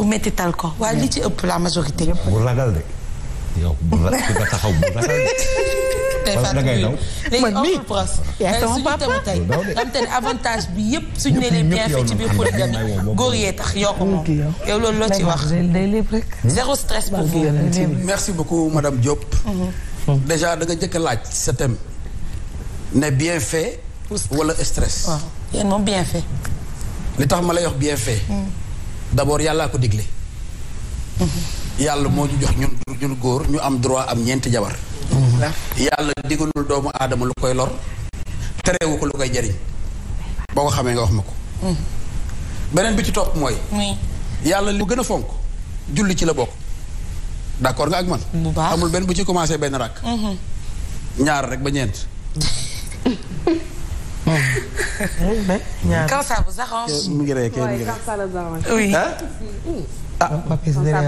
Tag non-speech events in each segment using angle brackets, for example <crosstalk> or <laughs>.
pour méttital ko waaye li ci ëpp la majorité. bu ragal de yow bu nga taxaw bu ragal de. <laughs> man mii yaa sama papa tey xam te ne avantage bi yëpp suñu ne leen bienfait ci biir polygamie góor yee tax yoo ko moom yow loolu loo ci wax. Hmm? zéro stress pour vous. merci beaucoup madame Diop. Mm-hmm. Mm-hmm. déjà da nga jëkk laaj sa thème. ne bienfait. wala stress. waaw yéen moom bienfait. li tax ma lay wax bienfait. Mm. d'abord yàllaa ko digle mhm. yàlla moo ñu jox ñun ñun góor ñu am droit am ñeenti jabar mhm. yàlla digalul doomu aadama lu koy lor terewu ko lu koy jariñ boo ko xamee nga wax ma ko mhm. beneen bi ci topp mooy yàlla lu gën a fonk julli ci la bokk d'accord nga ak man amul benn bu ci commencé benn rakk ñaar rek ba ñeent <laughs> quand ça vous arrange. mu ngi rey kay mu ngi rey oui. ah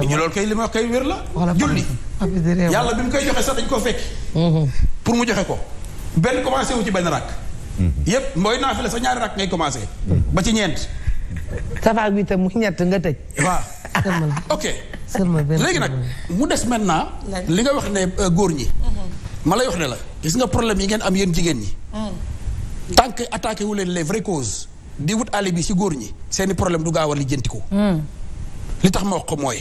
ñu loolu kay li ma kay wér la. julli yàlla bi mu koy joxe sax dañ koo fekk. Mm-hmm. pour mu joxe ko. benn commencé wu ci benn rakk. Mm-hmm. yépp mooy naafila sax ñaari rakk ngay commencé. Mm-hmm. ba ci ñeent. safa bi tam mu ñett nga tëj. waaw ok. léegi nag mu des naa li nga wax ne euh, góor ñi. ma lay wax ne la gis nga problème yi ngeen am yéen jigéen ñi. Mm. tant que attaqué wu leen les vraies di wut àll bi si góor ñi seeni problème du gaaw a lijjanti ko hmm. li tax ma wax ko mooy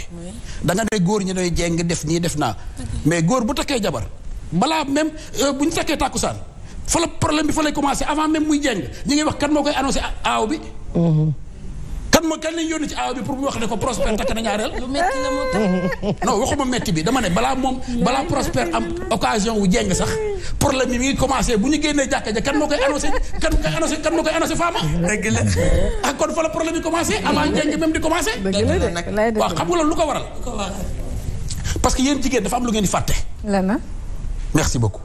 da nga ne góor ñi doy jeng def nii def naa mais góor bu takkee jabar balaa même euh, bu ñu takkee tàkkusaan fa la problème bi fa lay commencé avant même muy jeng ñu ngi wax kan moo koy annoncé aaw bi hmm. kan ma kan lañ yónni ci aaw bi pour mu wax ne ko Prospère takk na ñaareel. lu metti la moo tax. <laughs> non waxuma metti bi dama ne balaa moom balaa Prospère am occasion wu jeng sax problème bi mi ngi commencé bu ñu génnee jàkka ja kan moo koy annoncé kan koy annoncé kan moo koy annoncé Fama. dëgg la <laughs> ah kon fa la problème bi commencé avant jeng même di commencé. dëgg la lu ko waral. parce que yéen jigéen dafa am lu ngeen di fàtte. lan merci beaucoup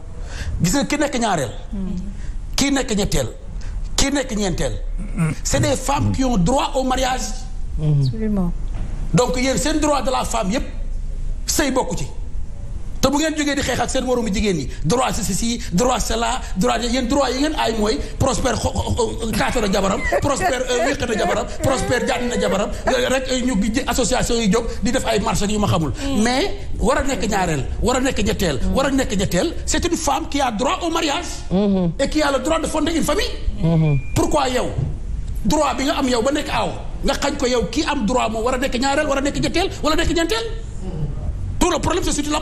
gis ki nekk ñaareel. Hmm. kii nekk ñetteel. ki nekk ñeenteel. c'est des femmes qui ont droit au mariage. absolument. donc yéen seen droit de la femme yépp sëy bokku ci. te bu ngeen jógee di xeex ak seen moroomu jigéen ñi droit si si droit cela droit yéen droit yi ngeen ay mooy prospère xaata na jabaram prospère euh, wéqat na jabaram prospère jàdd na jabaram rek ñu association yi jóg di def ay marché yu ma xamul mm. mais war a nekk ñaareel war a nekk ñetteel mm. war a nekk ñetteel c'est une femme qui a droit au mariage mm-hmm. et qui a le mm-hmm. droit bi nga am yow ba nekk aaw nga xañ ko yow kii am droit moom war a nekk ñaareel war a nekk ñetteel wala nekk ñeenteel tout mm. le problème se situe là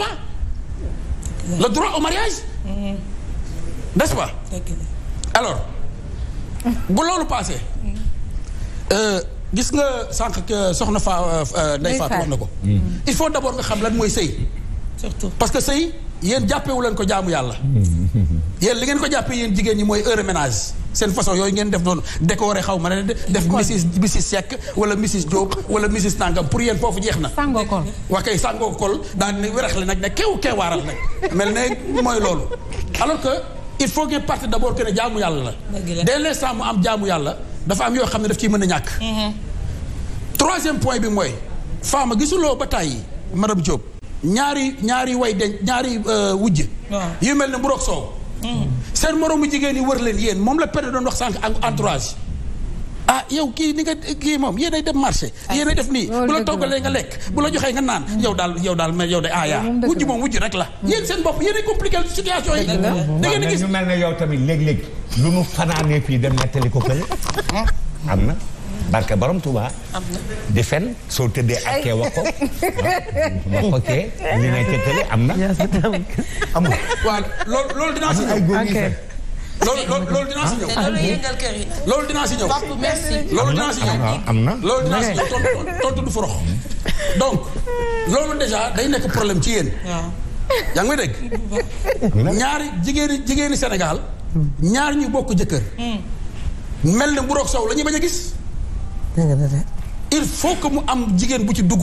le droit au mariage. Mm-hmm. n'est-ce alors bu loolu passé. Mm-hmm. Euh, gis nga sànq soxna faa euh, euh, Ndeye Fatou wax na ko. Mm-hmm. il faut d'abord nga xam lan mooy sëy. surtout parce que sëy yéen jàppewu leen ko jaamu yàlla. yéen li ngeen ko jàppee yéen jigéen ñi mooy heure ménage. seen façon yooyu ngeen def noonu décorer xaw ma ne def Mrs Mrs Seck wala Mrs Diop wala Mrs Nangam pour yéen foofu jeex na. sàngoo kol waa kay sàngoo kol daan nañ wéraxle nag ne kew keewaaral nag mel ne mooy loolu alors que il faut ngeen partir d' abord que ne jaamu yàlla la. dès l'instant mu am jaamu yàlla dafa am yoo xam ne daf ciy mën a ñàkk. Mm-hmm. troisième point bi mooy faama gisuloo ba tàyyi madame Diop ñaari ñaari way denc ñaari euh, wujj. yu mel ne mburoog soow. Mm-hmm. seen moroomu jigéen yi wër leen yéen moom la période doon wax sànq ak entourage ah yow kii ni nga kii moom yéenay dem marché yéenay def nii bu la toggalee nga lekk bu la joxee nga naan mm. yow daal yow daal mais yow de aayaa ah, wujj moom wujj rek la mm. yéen seen bopp yéenay compliqué situation yi da ngeen gis ñu mel ne yow tamit léeg-léeg lu nu fanaanee fii dem nettali ko kële <laughs> am na barke borom Touba. di fen soo tëddee ak kee wax ko <laughs> na. amul loolu dinaa si ñëw. ok loolu loolu dinaa si ñëw. te loolu yëngal kër yi. donc loolu déjà day nekk problème ci yéen. yaa ngi dégg. ñaari jigéeni jigéeni Sénégal. ñaar ñu bokk jëkkër. Hmm. mel ne bu roog sow la bañ a gis. il faut que mu am jigéen bu ci dugg.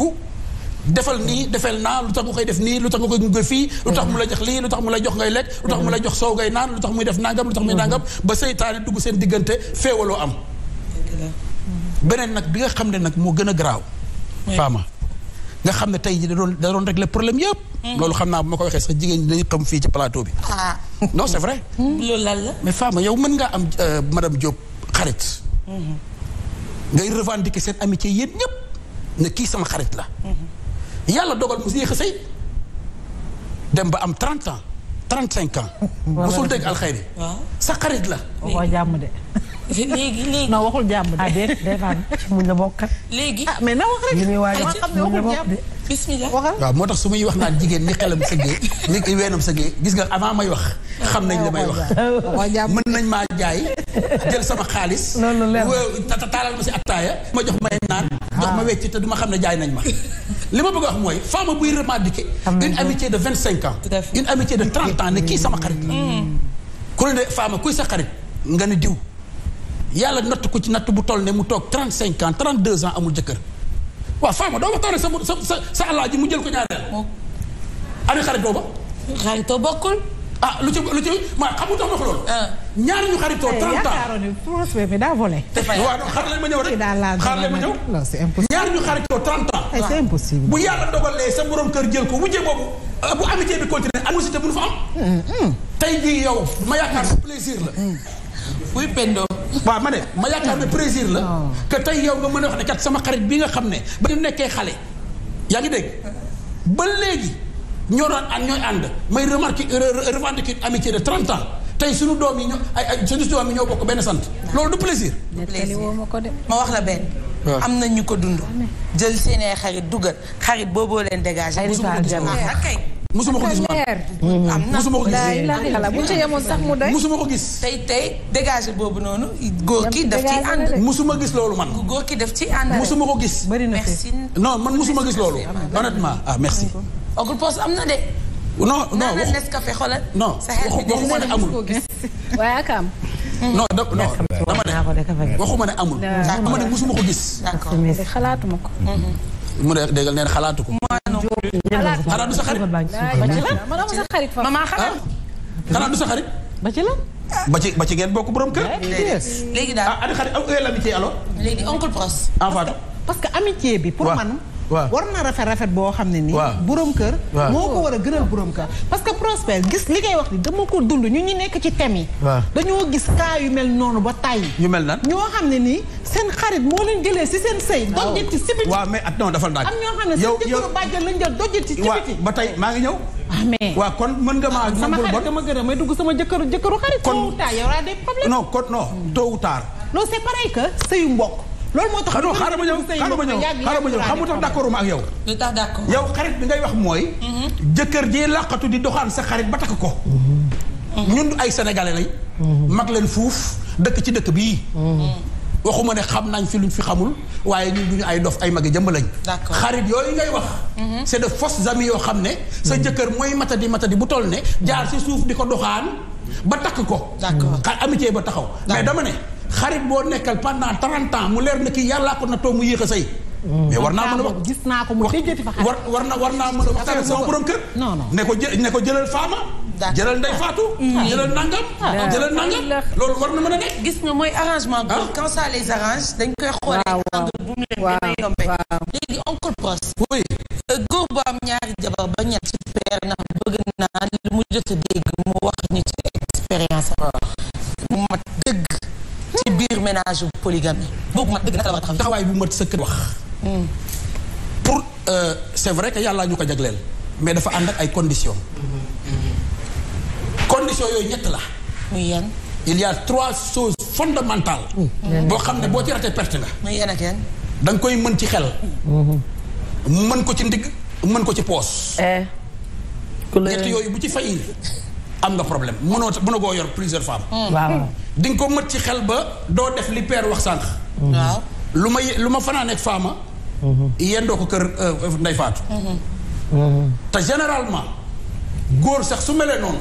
defal nii defel naa lu tax nga koy def nii lu tax nga koy gunge fii lu tax mu la jox lii lu tax mu la jox ngay lekk lu tax mu la jox soow ngay naan lu tax muy def nangam lu tax muy nangam ba seytaane dugg seen diggante féewaloo am beneen nag bi nga xam ne nag moo gën a garaaw faama nga xam ne tey ji da doon da doon régler problème yëpp mm. loolu xam naa bu ma ko waxee sax jigéen ñi dañuy xam fii ci plateau bi ah. non c'est vrai mm. loolu lan la mais faama yow mën ngaa am euh, madame Diop xarit mm-hmm. ngay revendiquer seen amitié yéen ñëpp ne kii sama xarit la. Mm-hmm. yàlla dogal mu yéex a sëy dem ba am 30 ans 35 ans. <laughs> mosul dégg alxayri. sa xarit la. waaw jàmm de. <laughs> léegi waxul jàmm de. ah déet ah, muñ léegi ah mais na a xam ne moo tax su muy wax naan jigéen ñi xelam sëggee ñi <laughs> weenam sëggee gis nga avant may wax. xam nañ la may wax. mën nañ maa jaay. jël sama xaalis. loolu leer na taalal ma si attaaya ma jox may naan. jox ma ah. wecc te du ma xam ne jaay nañ ma. <laughs> li ma bëgg wax mooy femme buy revendiquer. une amitié de vingt cinq ans. une amitié de trente ans ne kii sama xarit la. Mm. ku ne femme kuy sa xarit nga ne diw. yàlla natt ko ci natt bu toll ne mu toog trente cinq ans trente deux ans amul jëkkër. waaw femme doo waxtaan sa sa sa sa alaaji mu jël ko ñaareel. Oh. ani xarit booba. xaritoo bokkul. ah lu ci lu ci ma xamul tax ma ñaar ñu xaritoo 30 eh, ans yaakaaroon ne François bi daa volé. leen ma ñëw rek xaar leen ma ñëw. non c'est impossible ñaar ñu xaritoo 30 ans. Eh, c'est impossible bu yàlla dogalee sa borom kër jël ko wujje boobu ah, bu amitié bi continuer animosité bu nu fa am. Mm, mm. tey jii yow ma yaakaar ne plaisir la. Mm. ma ne ma yaakaar ne plaisir la. Oh. que tey yow nga mën a wax ne kat sama xarit bi nga xam ne ba ñu nekkee xale. yaa ngi dégg ba léegi ñoo doon ànd ñooy ànd may remarqué revendiqué amitié de 30 ans. tey suñu doom yi ñoo ay ay suñu doom yi ñoo bokk benn sant. loolu du plaisir. du ma wax la benn. am na ñu ko dund. jël seen ay xarit dugal xarit booboo leen dégagé. ay musuma ko gis man mm-hmm. am na musuma ko gis. daay bu ci yemoon sax mu doy. musuma ko gis. tey tey dégagé boobu noonu. góor ki daf ci ànd. musuma gis loolu man. góor ki daf ci ànd. musuma ko gis. bëri na non man musuma gis loolu. honnêtement ah merci. Oncle Pos am na de. non non Nescafé xoolal. non waxuma ne amul. waaye ak am. non da dama ne waxuma ne amul. dama ne musuma ko gis. d'accord xalaatuma ko. Mm-hmm. mu ne déggal neen xalaatu ko. xanaa du sa xarit. xanaa ah? du sa xarit. ba ci la. ba ci ba ci ngeen bokk borom kër. léegi daal ah xarit amul euh, amitié alors. léegi oncle proche. Ah, que amitié bi pour man. war na rafet rafet boo xam ne nii borom kër moo ko war a gënal borom kër parce que Prospère gis li ngay wax ni dama ko dund ñu ñu nekk ci thème yi dañoo gis cas yu mel noonu ba tàyyi ñu mel nan ñoo xam ne nii seen xarit moo leen si seen sëy dojjit ci sibiti waaw mais at dafa naag am ñoo xam ba tey maa ngi ñëw ah mais waaw kon mën nga maa ah, sama xarit dama gën a may dugg sama jëkkëru jëkkëru xarit tôt ou tard y aura des problèmes non kon non tôt ou tard non c'est pareil que sëyu mbokk loolu moo tax non xaaral ma ñëw xaaral ma ñëw xaaral ma ñëw xam nga tax d'accord ak yow. lu xarit bi ngay wax mooy. Mhm. jëkkër ji làqatu di doxaan sa xarit ba takk ko. Mhm. ñun ay sénégalais mhm. mag leen fuuf dëkk ci dëkk bii. waxuma ne xam nañ fi luñ fi xamul waaye ñun duñu ay dof ay magi jëmb lañ. xarit yooyu ngay wax. c'est de fausses amies yoo xam ne. sa jëkkër mooy matadi matadi bu toll ne. jaar si suuf di ko doxaan ba takk ko. d'accord amitié ba taxaw mais dama ne. xarit boo nekkal pendant trente ans mu leer na kii yàllaa ko nattoo mu yéex a sëy mm. mais war naa mën a wax ko mu tëjati na war naa a ko jë ne ko jëlal faama jëlal ndey faatu mm. jëlal nangam jëlal na mën a gis mooy arrangement bi ah. quand ça les arrange dañ koy xoolee angle bu mu leen gën a yombee léegi oncle pros oui euh, góor a dégg mu wax ñu expérience am parrainage polygamie boobu man dëgg naka la war a taxaw taxawaay bu mat sëkk wax hmm. pour euh, c'est vrai que yàllaa ñu ko jagleel mais dafa ànd ak ay conditions hmm. conditions yooyu ñett la muy yan il y a trois choses fondamentales hmm. boo xam ne boo ci ratee perte nga muy yan ak yan da nga koy mën ci xel mën ko ci ndigg mën ko ci poos eh. ñett yooyu bu ci fayir am nga problème mënoo mën a koo yor plusieurs femmes. Hmm. waaw hmm. nga ko mët ci xel ba doo def li père wax sànq. Hmm. lu ma lu ma fanaan ak faama. yéen doo ko kër euh, euh, Ndeye Fatou. te généralement góor sax su melee noonu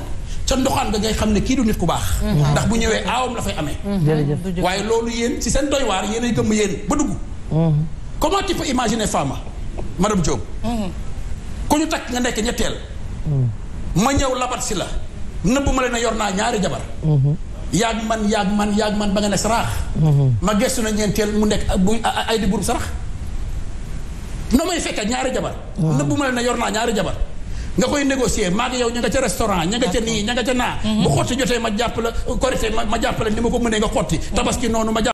ca ndoxaan nga ngay xam ne kii du nit ku baax. ndax bu ñëwee aawam la fay amee. waaye loolu yéen ci seen doy waar yéen ay gëm yéen ba dugg. comment tu peux imaginer Fama madame Diop. ku ñu takk nga nekk ñetteel. ma ñëw labat si la. nëbbu ma leen ne yor naa ñaari jabar. Mhm. yaag man yaag man yaag man ba nga ne saraax. Mhm. ma gëstu na ñeenteel mu nekk bu ay di buur sarax. no may fekk ñaari jabar. nëbbu ma leen ne yor naa ñaari jabar. nga koy négocier maa ngi yow ña ca restaurant ña nga ca nii ña nga ca naa. Mhm. bu xotti jotee ma jàpp la korité ma jàpp la ni ma ko mënee nga xotti. tabaski noonu ma jàpp